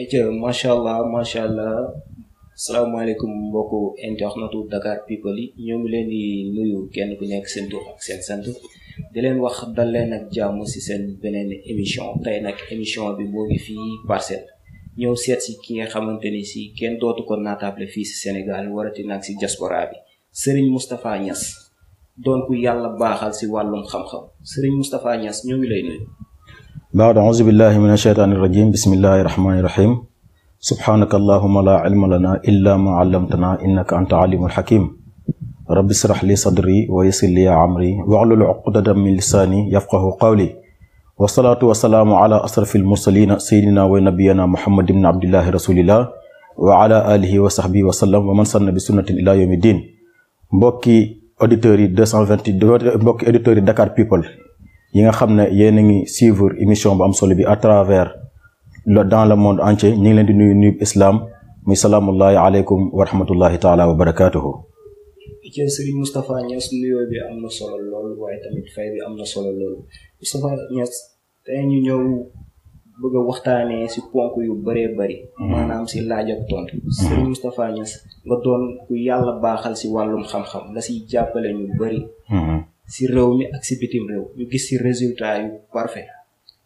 Etia eh, macha allah macha allah salaamaaleykum mbokku internetu Dakar people ñoo ngi leen di nuyu kenn ku nekk seen tur ak seen sant di leen wax dal leen ak jàmm si seen beneen émission tey nag émission bi moo fii parcelle ñëw seet si ki nga xamante ni si kenn dootu ko naataable fii si Sénégal warati nag si diaspora bi Serigne Moustapha Niass doon ku yàlla baaxal si wàllum xam-xam Serigne Moustapha Niass ñoo ngi lay nuyu. baad auzu billahi min asheytaani irrajim bismillahi irrahmaani irrahim subhaanaka allahuma la ilma lana illa ma allamtana innaka anta alimul xakim rabbi israh li sadri wa yassir li amri wahlul uqdatan min lisaani yafqahu qawli wasalaatu wasalaamu ala asrafil mursalina sayidina wa nabiyina muhammad ibn abdillahi rasulillah wa ala alihi wa sahbihi wa sallam wa man sanna bi sunnatin ila yawmi din mbokki auditeurs yi 228 mbokki auditeurs yi Dakar People yi nga xam ne yéen a ngi suivre émission bu am solo bi à travers le dans le monde entier ñu ngi leen di nuyu nuyub islam muy salaamullahi aleykum wa rahmatullahi taala wa barakaatuhu. ci Serigne Moustapha Niass nuyoo bi am na solo lool waaye tamit fay bi am na solo lool Moustapha Niass tey ñu ñëw bëgg a waxtaanee si ponk yu bëree bari maanaam si laaja ak tontu. Serigne Moustapha nga doon ku yàlla baaxal si wàllum xam-xam nga si jàppale ñu bëri. Mm-hmm. si réew mi ak si bitim réew ñu gis si résultat yu parfait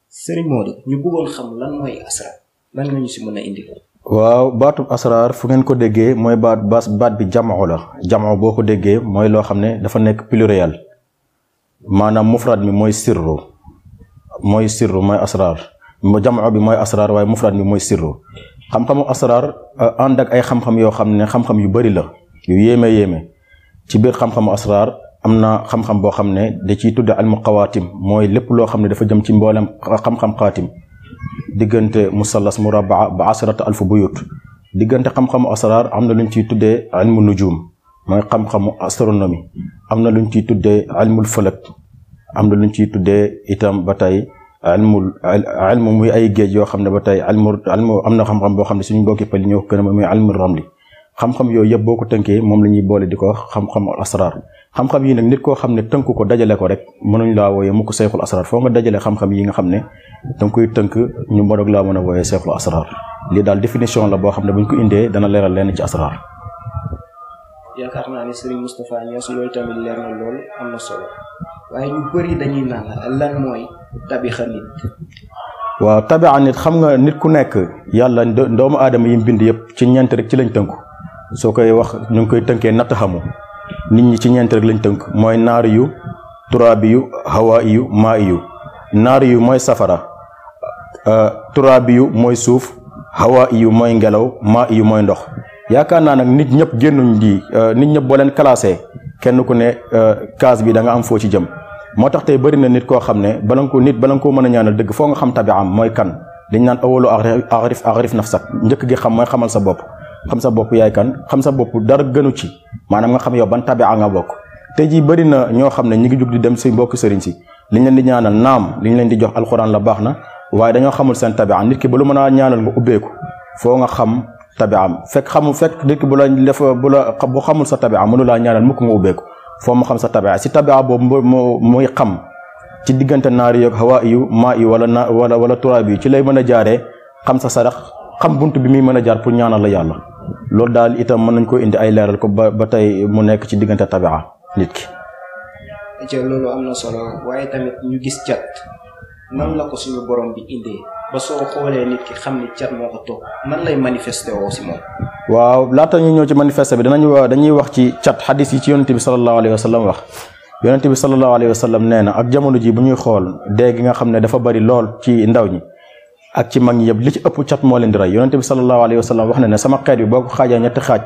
Serigne Modou ñu bëggoon xam lan mooy asrar lan nga si mën a indi. waaw baatu asrar fu ngeen ko déggee mooy baat baat bi jamoo la jamoo boo ko déggee mooy loo xam ne dafa nekk pluriel maanaam mufrad mi mooy sirru mooy sirru mooy asrar jamoo bi mooy asrar waaye mufrad mi mooy sirru xam-xamu asrar euh, ànd ak ay xam-xam yoo xam ne xam-xam yu bari la yu yéeme yéeme ci biir xam-xamu asrar am na xam-xam boo xam ne da ciy tudd almu xawaatim mooy lépp loo xam ne dafa jëm ci mboolem xam-xam xaatim diggante musallas murabaa ba asrata alfu buyut diggante xam-xamu asraar am na lu ñu ciy tuddee almu nujum mooy xam-xamu astronomie am na lu ñu ciy tuddee almul fëlëk am na lu ñu ciy tuddee itam ba tey almul almu muy ay géej yoo xam ne ba tey am na xam-xam boo xam ne suñu mbokki pali ñoo ko gën a muy almul ramli xam-xam yooyu yëpp boo ko tënkee moom la ñuy boole di ko xam-xam al asrar xam-xam yi nag nit koo xam ne tënk ko dajale ko rek mënuñ laa wooyee mukk seexul asrar foo nga dajale xam-xam yi nga xam ne danga koy tënk ñu mënoog laa mën a wooyee seexul asrar lii daal définition la boo xam ne buñ ko indee dana leeral leen ci asrar. yaakaar naa ne Serigne Moustapha Niass loolu tamit leer na lool am na solo waaye ñu bëri dañuy naan lan mooy tabixa nit. waaw tabixa xam nga nit ku nekk yàlla doomu aadama yi mu bind yëpp ci ñeent rek ci lañ tënku soo koy wax ñu ngi koy tënkee natt xamu nit ñi ci ñeent rek lañ tënk mooy naari yu turaabi yu hawaayi yu naari yu mooy safara euh, turaabi yu mooy suuf hawaayi yu mooy ngelaw maa yu mooy ndox yaakaar naa nag nit ñëpp génnuñ di euh, nit ñëpp boo leen classé kenn ku ne euh, case bi da am foo ci jëm moo tax tey bëri na nit koo xam ne bala nga ko nit bala nga koo mën a ñaanal dëgg foo nga xam tabiam mooy kan dañ naan awalu arif arif nafsak njëkk gi xam mooy xamal sa bopp xam sa bopp yaay kan xam sa bopp dara gënu ci maanaam nga xam yow ban tabia nga bokk te jii bëri na ñoo xam ne ñu ngi jug di dem si mbokk sëriñ si liñ leen di ñaanal naam liñ leen di jox alxuraan la baax na waaye dañoo xamul seen tabia nit ki ba mën a ñaanal nga ubbeeku foo nga xam tabiam fekk xamul fekk nit bu la def bu la bu xamul sa tabia mënu laa ñaanal mukk ubbeeku foo mu xam sa tabia si tabia boobu moo muy xam ci diggante naari yoog maa yu wala na wala wala turaab yi ci lay mën a jaaree xam sa sarax xam bunt bi muy mën a jaar pour ñaanal la yàlla loolu daal itam mën nañ ko indi ay leeral ko ba ba tey mu nekk ci diggante tabia nit ki. ci loolu am na solo waaye tamit ñu gis cat nan la ko suñu borom bi indi ba soo xoolee nit ki xam ne cat moo ko toog nan lay manifesté si moom. waaw laata ñu ñëw ci manifesté bi danañu wax dañuy wax ci cat xadis yi ci yonent bi sallallahu alayhi wa sallam wax yonent bi sallallahu alayhi wa sallam nee na ak jamono ji bu ñuy xool dee nga xam ne dafa bari lool ci ndaw ñi. ak ci mag ñi yëpp li ci ëpp cat moo leen di rey yonente bi sallallahu alayhi wa sallam wax na ne sama xeet bi boo ko xaajaa ñetti xaaj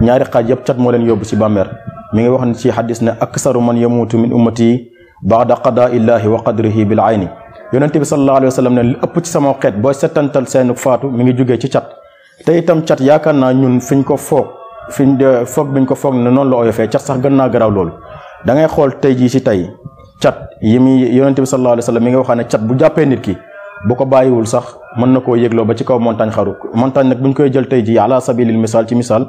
ñaari xaaj yëpp cat moo leen yóbbu ci bàmmeer mi ngi wax ne ci xadis ne aksaru man yamuutu min ummati baada qadaa illaahi wa qadrihi bil ayni yonente bi sallallahu alayhi wa ne li ëpp ci sama xeet boo settantal seenu faatu mi ngi jugee ci cat te itam cat yaakaar naa ñun fiñ ko foog fiñ foog biñ ko foog ne noonu la oyofee cat sax gën naa garaaw loolu da ngay xool tey jii ci tey cat yi muy yonente bi sallallahu alayhi wa sallam mi ngi wax ne cat bu jàppee nit ki bu ko bàyyiwul sax mën na koo yëgloo ba ci kaw montagne xaru montagne nag bu ñu koy jël tey ji ala sabilil misaal ci misaal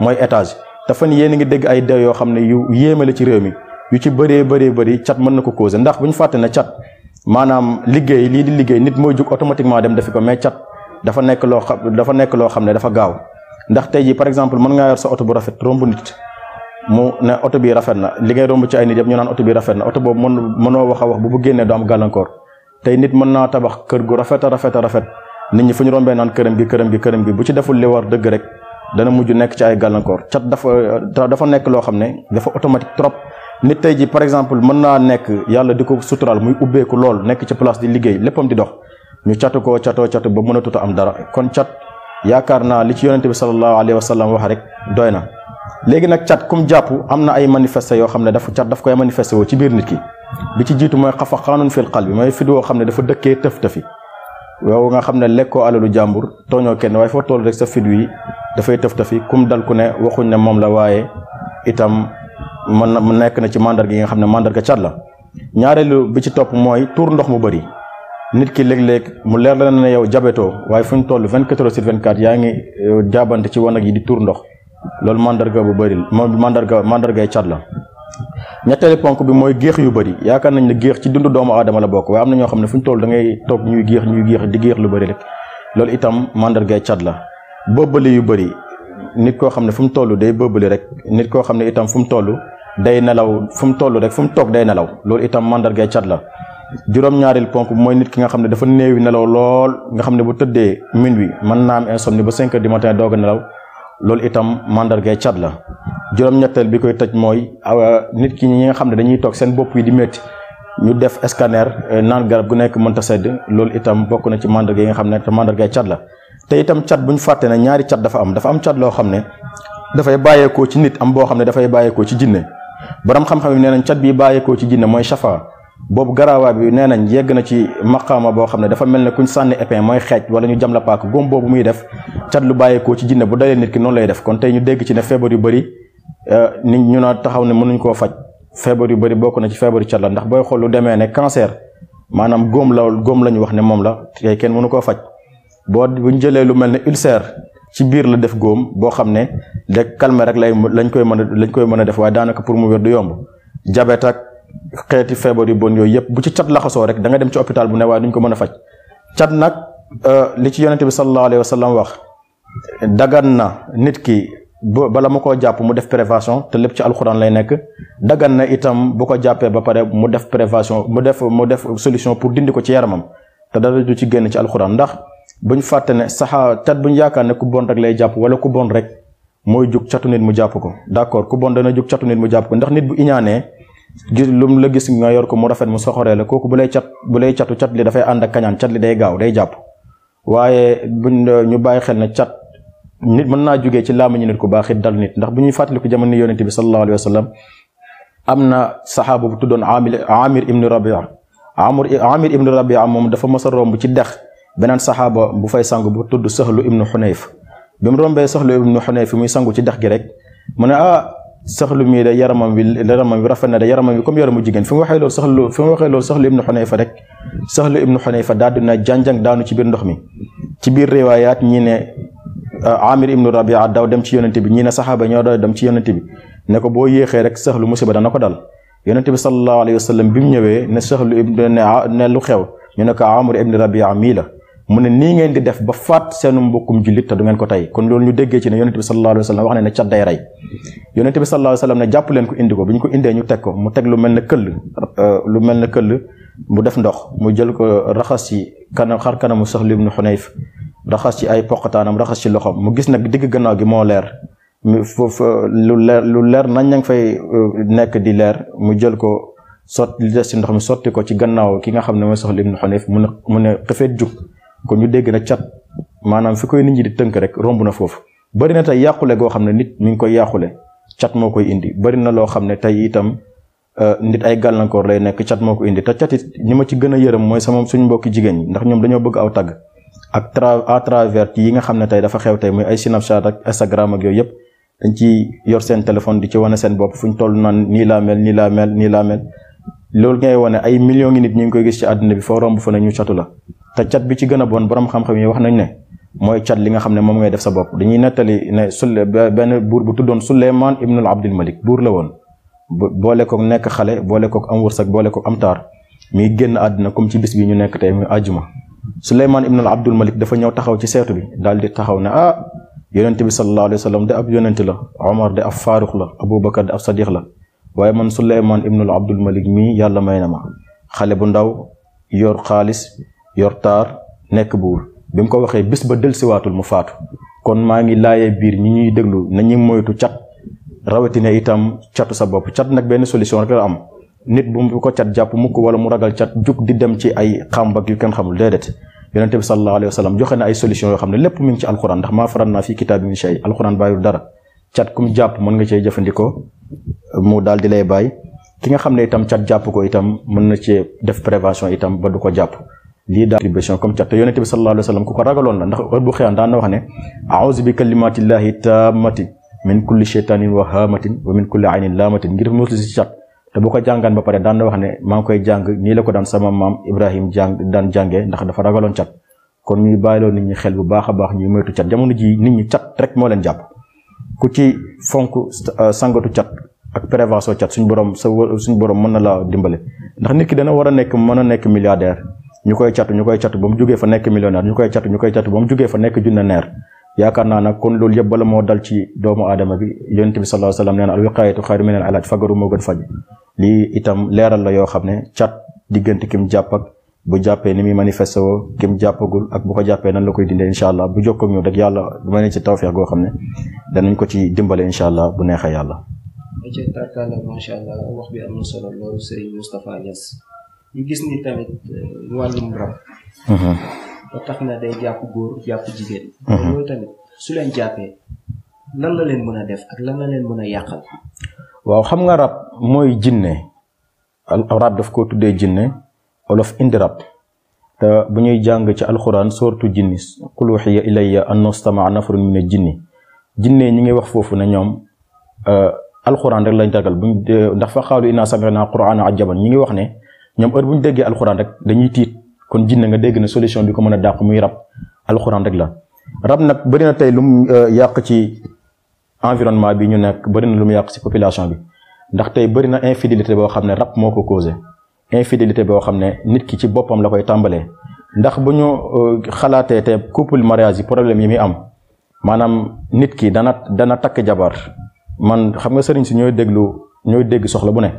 mooy étage dafa ni yéen ngi dégg ay dew yoo xam ne yu yéemale ci réew mi yu ci bëree bëree bëri cat mën na ko causer ndax bu ñu fàtte ne cat maanaam liggéey lii di liggéey nit mooy jug automatiquement dem defi ko mais cat dafa nekk loo xam dafa loo xam ne dafa gaaw ndax tey ji par exemple mën ngaa yor sa oto bu rafet romb nit mu ne oto bi rafet na li ngay romb ci ay nit yëpp ñu naan oto bi rafet na oto boobu mën mënoo wax a wax bu mu génnee du am gàllankoor tey nit mën naa tabax kër gu rafet a rafet a rafet nit ñi fu ñu rombee naan këram gi këram gi këram gi bu ci deful li war dëgg rek dana mujj nekk ci ay gàllankoor cat dafa dafa nekk loo xam ne dafa automatique trop nit tey ji par exemple mën naa nekk yàlla di ko suturaal muy ubbeeku lool nekk ci place di liggéey léppam di dox ñu catu ko cato catu ba mën am dara kon cat yaakaar naa li ci yonente bi sallallahu alayhi wa sallam wax rek doy na léegi nag cat kum jàpp am na ay manifesté yoo xam ne dafa cat daf koy manifesté woo ci biir nit ki bi ci jiitu mooy xafa xaanun xal bi mooy fit woo xam ne dafa dëkkee tëf tëfi yow nga xam ne lekkoo alalu jàmbur tooñoo kenn waaye foo toll rek sa fit yi dafay tëf tëfi kum dal ku ne waxuñ ne moom la waaye itam mën na nekk na ci mandarga yi nga xam ne mandarga cat la ñaareelu bi ci topp mooy tuur ndox mu bëri nit ki léeg-léeg mu leer la ne yow jabetoo waaye fu ñu toll 24 heures sur 24 yaa ngi euh, jaabante ci wanag yi di tuur ndox loolu màndarga bu bëri moom mandarga mandargay cat la ñetteelu ponk bi mooy géex yu bëri yaakaar nañ ne géex ci dundu doomu aadama la bokk waaye am na ñoo xam ne fu ñu toll da ngay toog ñuy géex ñuy géex di géex lu bëri rek loolu itam mandargay cat la bëbbali yu bëri nit koo xam ne fu mu toll day bëbbali rek nit koo xam ne itam fu mu toll day nelaw fu mu toll rek fu mu toog day nelaw loolu itam mandargay cat la juróom-ñaareel ponk mooy nit ki nga xam ne dafa néewi nelaw lool nga xam ne bu tëddee minuit mën naa am ba 5 heures du doog a loolu itam mandargay cat la juróom-ñetteel bi koy taj mooy nit ki ñi nga xam ne dañuy toog seen bopp yi di métti ñu def scanner euh, naan garab gu nekk mënta sedd loolu itam bokk na ci mandarga yi nga xam ne te mandargay cat la te itam cat bu ñu fàtte ne ñaari cat dafa am dafa am cat loo xam ne dafay bàyyeekoo ci nit am boo xam ne dafay bàyyeekoo ci jinne borom xam-xam yi nee nañ cat bi bàyyeekoo ci jinne mooy shafa boobu garaawaay bi nee nañ yegg na ci maqaama boo xam ne dafa mel ne kuñ sànni épin mooy xeej wala ñu jam la paak góom boobu muy def cat lu bàyyeekoo ci jinne bu dalee nit ki noonu lay def kon tey ñu dégg ci ne feebar yu bëri euh, nit ñu naa taxaw ne mënuñ koo faj feebar yu bëri bokk na ci feebaru cat la ndax booy xool lu demee ne cancer maanaam góom la góom la ñu wax ne moom la kenn mënu koo faj boo buñ jëlee lu mel ne ulcère ci biir la def góom boo xam ne de calmer rek lay lañ koy mën a lañ koy mën a def waaye daanaka pour mu wér du yomb jabet xeeti feebar yu bon yooyu yëpp bu ci cat laxasoo rek da nga dem ci hôpital bu ne waaye duñ ko mën a faj cat nag euh, li ci yonente bi sallallahu alayhi wa sallam wax dagan na nit ki bala mu koo jàpp mu def prévation te lépp ci alxuraan lay nekk dagan na itam bu ko jàppee ba pare mu def prévention mu def mu def solution pour dindi ko ci yaramam te dara du ci génn ci alxuraan ndax buñ fàtte ne saxaa cat buñ yaakaar ne ku bon rek lay jàpp wala ku bon rek mooy jug catu nit mu jàpp ko d'accord ku bon dana jug catu nit mu jàpp ndax nit bu iñaanee gis lum la gis nga yor ko mu rafet mu soxoree la kooku bu lay cat bu lay catu cat li dafay ànd ak kañaan cat li day gaaw day jàpp waaye buñ ñu bàyyi xel ne cat nit mën naa jógee ci làmmiñu nit ko baax dal nit ndax bu ñuy fàttaliku jamono yonente bi sallallahu alayhi wa sallam am na saxaaba bu tuddoon Amir Amir ibnu Rabia Amir Amir ibnu Rabia moom dafa mës a romb ci dex beneen saxaaba bu fay sangu bu tudd Sahlu ibnu Xunayf bi mu rombee Sahlu ibnu Xunayf muy sangu ci dex gi rek mu ne ah saxlu mii da yaramam bi yaramam bi rafet na da yaramam bi comme yaramu jigéen fi mu waxee loolu saxlu fi mu waxee loolu saxlu ibnu xunayfa rek saxlu ibnu xunayfa daal dina jànjang daanu ci biir ndox mi ci biir riwaayaat ñi ne euh, amir ibnu rabia daw dem ci yonente bi ñi ne saxaaba ñoo daw dem ci yonente bi ne ko boo yéexee rek saxlu musiba dana ko daal yonente bi sallallahu alayhi wa sallam bi mu ñëwee ne saxlu ibnu ne lu xew ñu ne ko amir ibnu rabia mii la mu ne nii ngeen di def ba faat seenu mbokkum jullit te du ngeen ko tey kon loolu ñu déggee ci ne yonente bi sallallahu alayhi wa sallam wax ne ne cat day rey yonente bi sallallahu alayhi wa ne jàpp leen ko indi ko bi ñu ko indee ñu teg ko mu teg lu mel ne këll euh, lu mel ne këll mu def ndox mu jël ko raxas ci kanam xar kanamu Sahl ibn Hunayf raxas ci ay poqataanam raxas ci loxom mu gis nag digg gannaaw gi moo leer foofu lu leer lu leer nañ ña ngi fay euh, nekk di leer mu jël ko sot li ndox mi sotti ko ci gannaaw ki nga xam ne mooy Sahl ibn Hunayf mu ne mu ne xëfeet jug kon ñu dégg na cat maanaam fi koy nit ñi di tënk rek romb na foofu bari na tey yàqule goo xam ne nit mi ngi koy yàqule cat moo koy indi bari na loo xam ne tey itam euh, nit ay gàllankoor lay nekk cat moo ko indi te cat it ñi ma ci gën a yërëm mooy sama suñu mbokki jigéen ñi ndax ñoom dañoo bëgg aw tagg ak tra travers yi nga xam ne tey dafa xew tey muy ay Snapchat ak Instagram ak yooyu yëpp dañ ci yor seen téléphone di ci wane seen bopp fu ñu toll naan nii laa mel nii laa mel nii laa mel loolu ngay wane ay million ngi nit ñu ngi koy gis ci àdduna bi foo romb fa ne ñu catu la te cat bi ci gën a borom xam-xam yi wax nañ ne mooy cat li nga xam ne moom ngay def sa bopp dañuy nettali ne benn buur bu tuddoon Suleymaan ibnul Abdul Malik buur la woon boole kook nekk xale boole kook am wërsëg boole kook am taar muy génn àddina comme ci bis bi ñu nekk tey muy àjjuma Suleymaan ibnul Abdul Malik dafa ñëw taxaw ci seetu bi daal di taxaw ne ah yonent bi sallallahu alayhi wa sallam de ab yonent la Omar de ab Faaruq la Aboubacar de ab Sadiq la waaye man Suleymaan ibnul Abdul Malik mii yàlla may na ma xale bu ndaw yor xaalis yor taar nekk buur bi mu ko waxee bés ba dellusiwaatul mu faatu kon maa ngi laayee biir ñi ñuy déglu nañu moytu cat rawatina itam catu sa bopp cat nag benn solution rek la am nit bu mu ko cat jàpp mukk wala mu ragal cat jug di dem ci ay xàmbak yu kenn xamul déedéet yonent bi sallallahu alayhi wa sallam joxe na ay solution yoo xam ne lépp mi ngi ci alxuraan ndax maa faran naa fii kitaab min shay alxuraan bàyyul dara cat kum jàpp mën nga cee jëfandikoo mu daal di lay bàyyi ki nga xam ne itam cat jàpp ko itam mën na cee def prévention itam ba du ko jàpp lii daal attribution comme cat te yonente bi sallallahu alayhi ku ko ragaloon la ndax a bu xëyaan daan na wax ne aouzu bi kalimatillahi tammati min kulli sheytanin wa hamatin wa min kulli aynin laamatin ngir muslu si cat te bu ko jàngaan ba pare daan na wax ne maa ngi koy jàng nii la ko daan sama maam Ibrahim jàng daan jànge ndax dafa ragaloon cat kon ñuy bàyyiloo nit ñi xel bu baax a baax ñuy moytu cat jamono ji nit ñi cat rek moo leen jàpp ku ci fonk euh, sangatu cat ak prévention cat suñ borom sa suñ borom mën na laa dimbale ndax nit ki dana war a nekk mën nekk milliardaire ñu koy catu ñu koy catu ba mu jugee fa nekk millionnaire ñu koy catu ñu koy catu ba mu jugee fa nekk junneneer yaakaar naa nag kon loolu yëpp bala moo dal ci doomu aadama bi yonent bi sallallahu alayhi wa itam leeral la yoo xam ne cat diggante kim jàpp ak bu jàppee ni muy manifesté woo kim jàppagul ak bu ko jàppee nan la koy dindee incha allah bu jokkoo ak ñoom rek yàlla xam ne danañ ko ci dimbale incha allah bu neexee yàlla. macha allah wax bi am na solo loolu Serigne Moustapha Niass ñu gis ni tamit euh, wàllum rab. Uh-huh. ba tax na day jàpp góor jàpp jigéen. Uh-huh. su leen jàppee lan la leen mën a def ak lan la leen mën a yàqal. waaw xam nga rab mooy jinne rab daf ko tuddee jinne wolof indi rab te bu ñuy jàng ci alxuraan sortu jinni qul uhiya ilayya annahu istama'a nafarun mina jinni jinne ñi ngi wax foofu na ñoom euh, alxuraan rek lañ tagal buñ euh, ndax fa xaalu inna sami'na qur'aana ajaban ñi ngi wax ne. ñoom heure bu ñu déggee alxuraan rek dañuy tiit kon jinne nga dégg na solution bi ko mën a dàq muy rab alxuraan rek la rab nag bëri na tey lu mu euh, yàq ci environnement bi ñu nekk bëri na lu mu yàq ci population bi ndax tey bëri na infidélité boo xam ne rab moo ko causé infidélité boo xam ne nit ki ci boppam la koy tàmbalee ndax bu ñu euh, xalaatee te couple mariage yi problème yi muy am maanaam nit ki dana dana takk jabar man xam nga sëriñ si ñooy déglu ñooy dégg soxla bu ne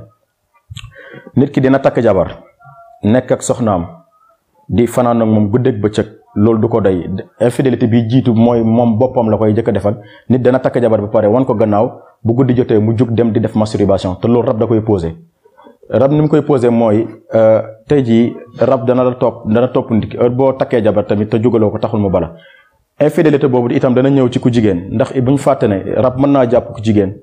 nit ki dina takk jabar nekk ak soxnaam di fanaan ak moom guddeeg bëccëg loolu du ko doy infidélité bi jiitu mooy moom boppam la koy jëkk defal nit dana takk jabar ba pare wan ko gannaaw bu guddi jotee mu jug dem di def masturbation te loolu rab da koy posé rab ni mu koy posé mooy euh, tey jii rab dana la topp dana topp nit ki boo takkee jabar tamit te jugaloo ko taxul mu bala infidélité boobu itam dana ñëw ci ko jigéen ndax it bu ñu fàtte ne rab mën naa jàpp ku jigéen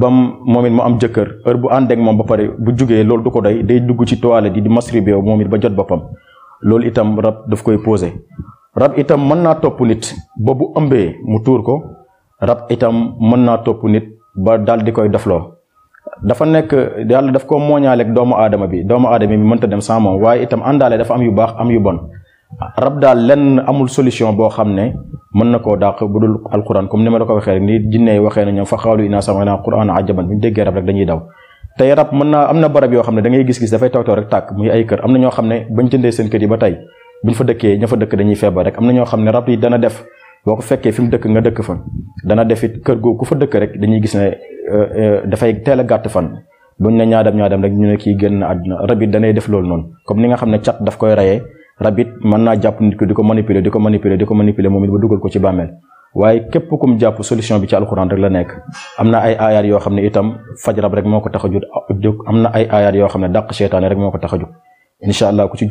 ba moom it mu am jëkkër heure bu ànd ak moom ba pare bu jugee loolu du ko doy day dugg ci toilette yi di masturbé moom it ba jot boppam loolu itam rab daf koy posé rab itam mën naa topp nit ba bu ëmbee mu tuur ko rab itam mën naa topp nit ba daal di koy dofloo dafa nekk yàlla daf ko mooñaaleeg doomu aadama bi doomu adama bi ta dem sans moom waaye itam àndaale dafa am yu baax am yu bon rab daal lenn amul solution boo xam ne mën na ko koo dàq bu dul alquran comme ni ma la ko waxee rek ni jinne waxee na ñoom fa xaalu inaa sami'naa qur'aanan ajaban bu ñu déggee rab rek dañuy daw tey rab barab yoo xam ne da ngay gis-gis dafay taw taw rek tàkk muy ay kër am na ñoo xam ne bañ jëndee seen kër yi ba tey buñ fa dëkkee ña fa dëkk dañuy feebar am na ñoo xam ne rab yi dana def boo ko fekkee fi mu dëkk nga dëkk fa dana def it kër googu ku fa dëkk rek dañuy gis ne euh, euh, dafay teel a gàtt fan buñ ne ñaadam ñaadam rek ñu ne kii génn àdduna rab yi danay def loolu noonu comme ni nga xam ne cat daf koy reyee rab it mën naa jàpp nit ki di ko manipuler di ko manipuler di ko manipuler moom it ba dugal ko ci bàmmeel waaye képp kum jàpp solution bi ci alxuraan rek la nekk am na ay aayaat yoo xam ne itam faj rab rek moo ko tax a jóg am na ay aayaat yoo xam ne dàq seytaane rek moo ko tax a jóg incha allah ku ci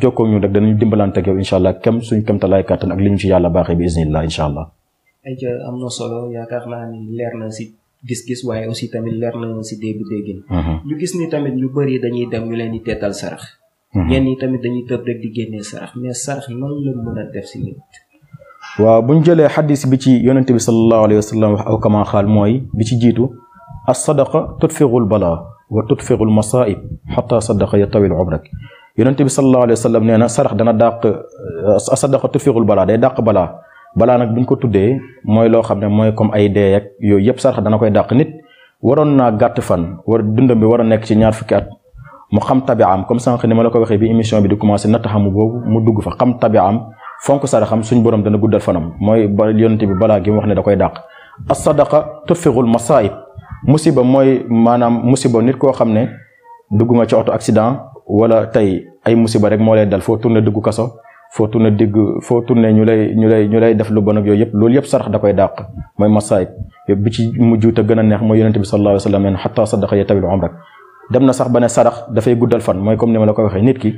kem suñ kem talaay kàttan ak li ñu ci yàlla baaxee bi iznillah incha allah. ayca am na solo yaakaar naa ni leer na si gis-gis waaye aussi tamit leer na si dégg-dégg. Mhm. ñu gis ni Mhm. ñenn yi tamit dañuy tëb rek di génnee sarax mais sarax nan la mën a def si nit. waaw bu jëlee xadis bi ci yonent bi sallallahu alayhi wa aw kama mooy bi ci jiitu as sadaqa tutfirul balaa wa tutfirul masaib xata sadaqa yatawil umrak yonent bi sallallahu alayhi wa sallam nee na sarax dana dàq euh, as sadaqa tutfirul balaa day dàq balaa balaa nag bu ñu ko tuddee mooy loo xam ne mooy comme ay dee ak yooyu yëpp sarax dana koy dàq nit waroon naa gàtt fan war dundam bi war a nekk ci ñaar fukki at. mu xam tabi'am comme sànq ni ma la ko waxee bi émission bi di commencé na taxamu boobu mu dugg fa xam tabi'am fonk saraxam suñ borom dana guddal fanam mooy ba yonent bi balaa gi mu wax ne da koy dàq as-sadaqa tufiqul masaib musiba mooy maanaam musiba nit koo xam ne dugg ci oto accident wala tey ay musiba rek moo lay dal foo tourné dugg kaso foo tourné digg foo tourné ñu lay ñu lay ñu lay def lu bon ak yooyu yëpp loolu yëpp sarax da koy dàq mooy masaib bi ci mujj te gën a neex mooy yonent bi sallallahu alayhi wa sallam xataa sadaqa dem na sax ba ne sarax dafay guddal fan mooy comme ni ma la ko waxee nit ki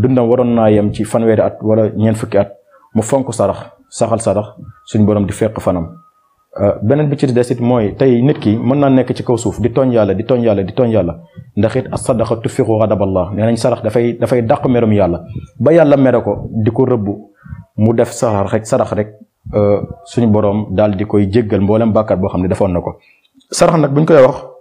dundam waroon naa yem ci fanweeri at wala ñeent fukki at mu fonk sarax saxal sarax suñ borom di fekk fanam. Euh, beneen bi ci des it mooy tey nit ki mën naa nekk ci kaw suuf di tooñ di tooñ yàlla di tooñ yàlla ndax it as-sadaqa tufiqu nee nañ sarax dafay dafay dàq merum yàlla ba yàlla mere ko di ko rëbb mu def sarax rek sarax rek euh, suñu borom daal di koy jéggal mboolem bàkkaar boo xam ne defoon na ko sarax nag buñ koy wax.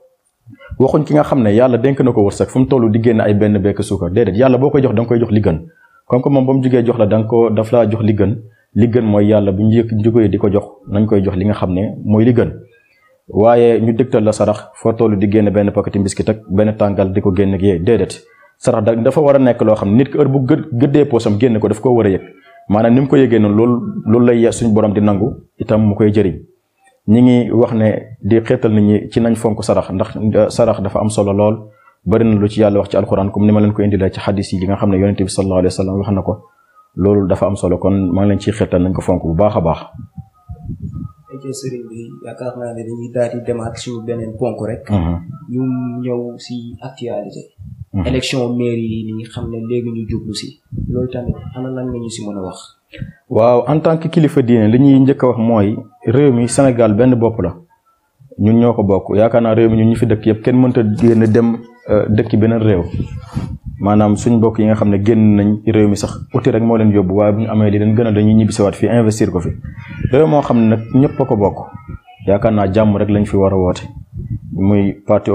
waxuñ ki nga xam ne yàlla denk na ko wërsëg fu mu toll di génn ay benn bekk suukar déedéet yàlla boo koy jox da koy jox li gën comme que moom ba mu jox la da ko daf laa jox li gën li gën mooy yàlla bu ñu jugee di ko jox nañ koy jox li nga xam ne mooy li gën waaye ñu tal la sarax foo toll di génn benn pakati mbiskit ak benn tàngal di ko génn ak yee déedéet sarax da dafa war a nekk loo xam ne nit ki heure bu gëddee poosam génne ko daf ko war a yëg maanaam ni ko yëgee noonu loolu loolu lay suñu borom di nangu itam mu koy jëriñ ñi ngi wax ne di xeetal nit ñi ci nañ fonk sarax ndax euh, sarax dafa am solo lool bari na lu ci yàlla wax ci alxuraan comme ni ma leen ko indilee ci xadis yi nga xam ne yonente bi wax na ko loolu dafa am solo kon maa ngi leen ciy nañ ko fonk bu baax a baax. ci beneen ponk rek. Mhm. ñu ñëw si actualité. Mhm. élection mairie yi nii xam ne léegi ñu jublu si. loolu tamit ana lan nga si mën a wax. waaw en tant que kilifa diine li ñuy njëkk a wax mooy réew mi Sénégal benn bopp la ñun ñoo ko bokk yaakaar naa réew mi ñun ñu fi dëkk yëpp kenn mënta génn dem euh, dëkk beneen réew maanaam suñ bokk yi nga xam ne génn nañ réew mi sax uti rek moo leen yóbbu waaye bu ñu amee li leen gën a dañuy ñibbisiwaat fii investir ko fi réew moo xam ne nag ñëpp ko bokk yaakaar naa jàmm rek lañu fi war a woote muy parti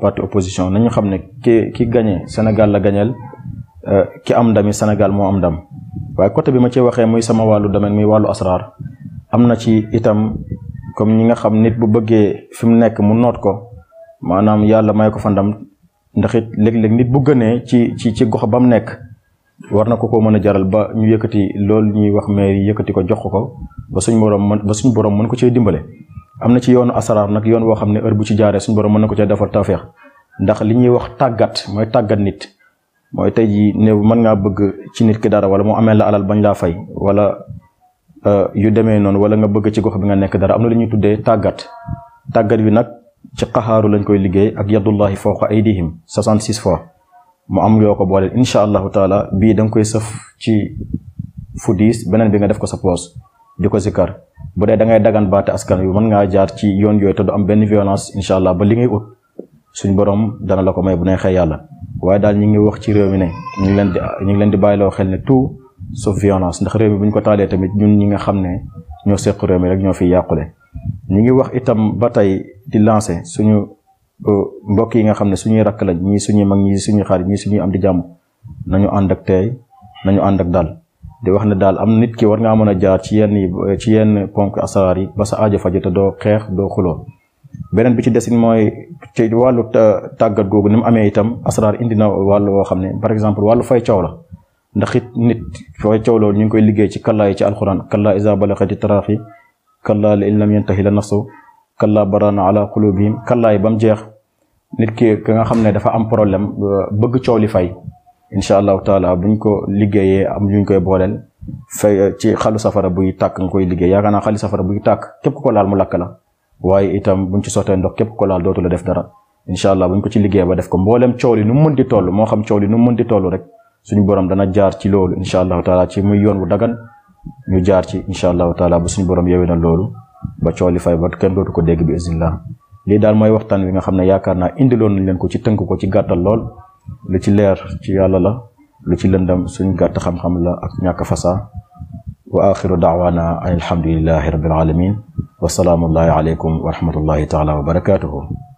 parti opposition nañu xam ne ki ki gagné Sénégal la gañeel euh, ki am ndami Sénégal moo am ndam waaye côté bi ma ci waxee muy sama wàllu domaine muy wàllu asraar am na ci itam comme ñi nga xam nit bu bëggee fi mu nekk mu noot ko maanaam yàlla may ko fa ndam ndax it léeg-léeg nit bu gënee ci ci ci gox ba mu nekk war na ko ko mën a jaral ba ñu yëkkati loolu ñuy wax mais yëkkati ko jox ko ba suñ borom mën ba suñ borom mën ko cee dimbale. am na ci yoonu asaraar nag yoon woo xam ne heure bu ci jaaree suñ borom mën na ko cee defal tawféex ndax li ñuy wax tàggat mooy tàggat nit. mooy tey jii néew bëgg ci nit ki dara wala mu amee la alal bañ laa fay wala euh, yu demee noonu wala nga bëgg ci gox bi nga nekk dara am na lu ñuy tuddee tàggat tàggat bi nag ci xaxaaru lañ koy liggéey ak yadullahi fawqa aydihim 66 fois mu am yoo ko booleel incha allahu taala bii da nga koy sëf ci fu diis beneen bi nga def ko sa poos di ko sikkar bu dee da ngay dagan baate askan wi mën ngaa jaar ci yoon yooy te du am benn violence incha allah ba li ngay suñ borom dana la ko may bu neexee yàlla waaye daal ñu ngi wax ci réew mi nañ ñu ngi leen di ñu ngi leen di bàyyiloo xel ne tout sauf violence ndax réew mi bu ñu ko taalee tamit ñun ñi nga xam ne ñoo seq réew mi rek ñoo fi yàqule. ñu ngi wax itam ba tey di lancé suñu euh, mbokk yi nga xam ne suñuy rakk lañ ñii suñuy mag ñii suñuy xarit ñii suñuy am di jàmm nañu ànd ak tey nañu ànd ak daal. di wax ne daal am nit ki war nga mën a jaar ci yenn ci yenn ponk asaraar yi ba sa ajo faj te doo xeex doo xuloo beneen bi ci desin mooy ci wàllu euh, tàggat googu ni mu amee itam asraar indi na wàllu woo xam ne par exemple wàllu fay coow la ndax it nit fay coow loolu ñu ngi koy liggéey ci kallaa yi ci alxuraan kallaa iza balaxati taraaxi kallaa la in lam yantahi la nafsu kallaa barana ala qulubihim kallaa yi ba mu jeex nit ki ki nga xam ne dafa am problème euh, bëgg coow li fay incha allahu taala buñ ko liggéeyee am ñu koy booleel fay euh, ci xalu safara buy tàkk nga koy liggéey yaakaar naa xali safara buy tàkk képp ko laal mu lakk la waaye itam bu ñu ci sottee ndox képp ko laal dootu la def dara incha allah buñ ko ci liggéey ba def ko mboolem coow li nu mu mënti toll moo xam coow li nu mu mënti toll rek suñu borom dana jaar ci loolu incha allahu taala ci muy yoon bu dagan ñu jaar ci incha allah taala ba suñu borom yewee na loolu ba coow li fay ba kenn dootu ko dégg bi iznillah lii daal mooy waxtaan wi nga xam ne yaakaar naa indiloon nañ leen ko ci tënk ko ci gàttal lool lu ci leer ci yàlla la lu ci lëndam suñu gàtt xam la ak ñàkk fasaa wa axiru daawaana an alhamdulilahi rabbil alamin wa salaamullahi aleykum wa rahmatullahi taala wa barakatuhu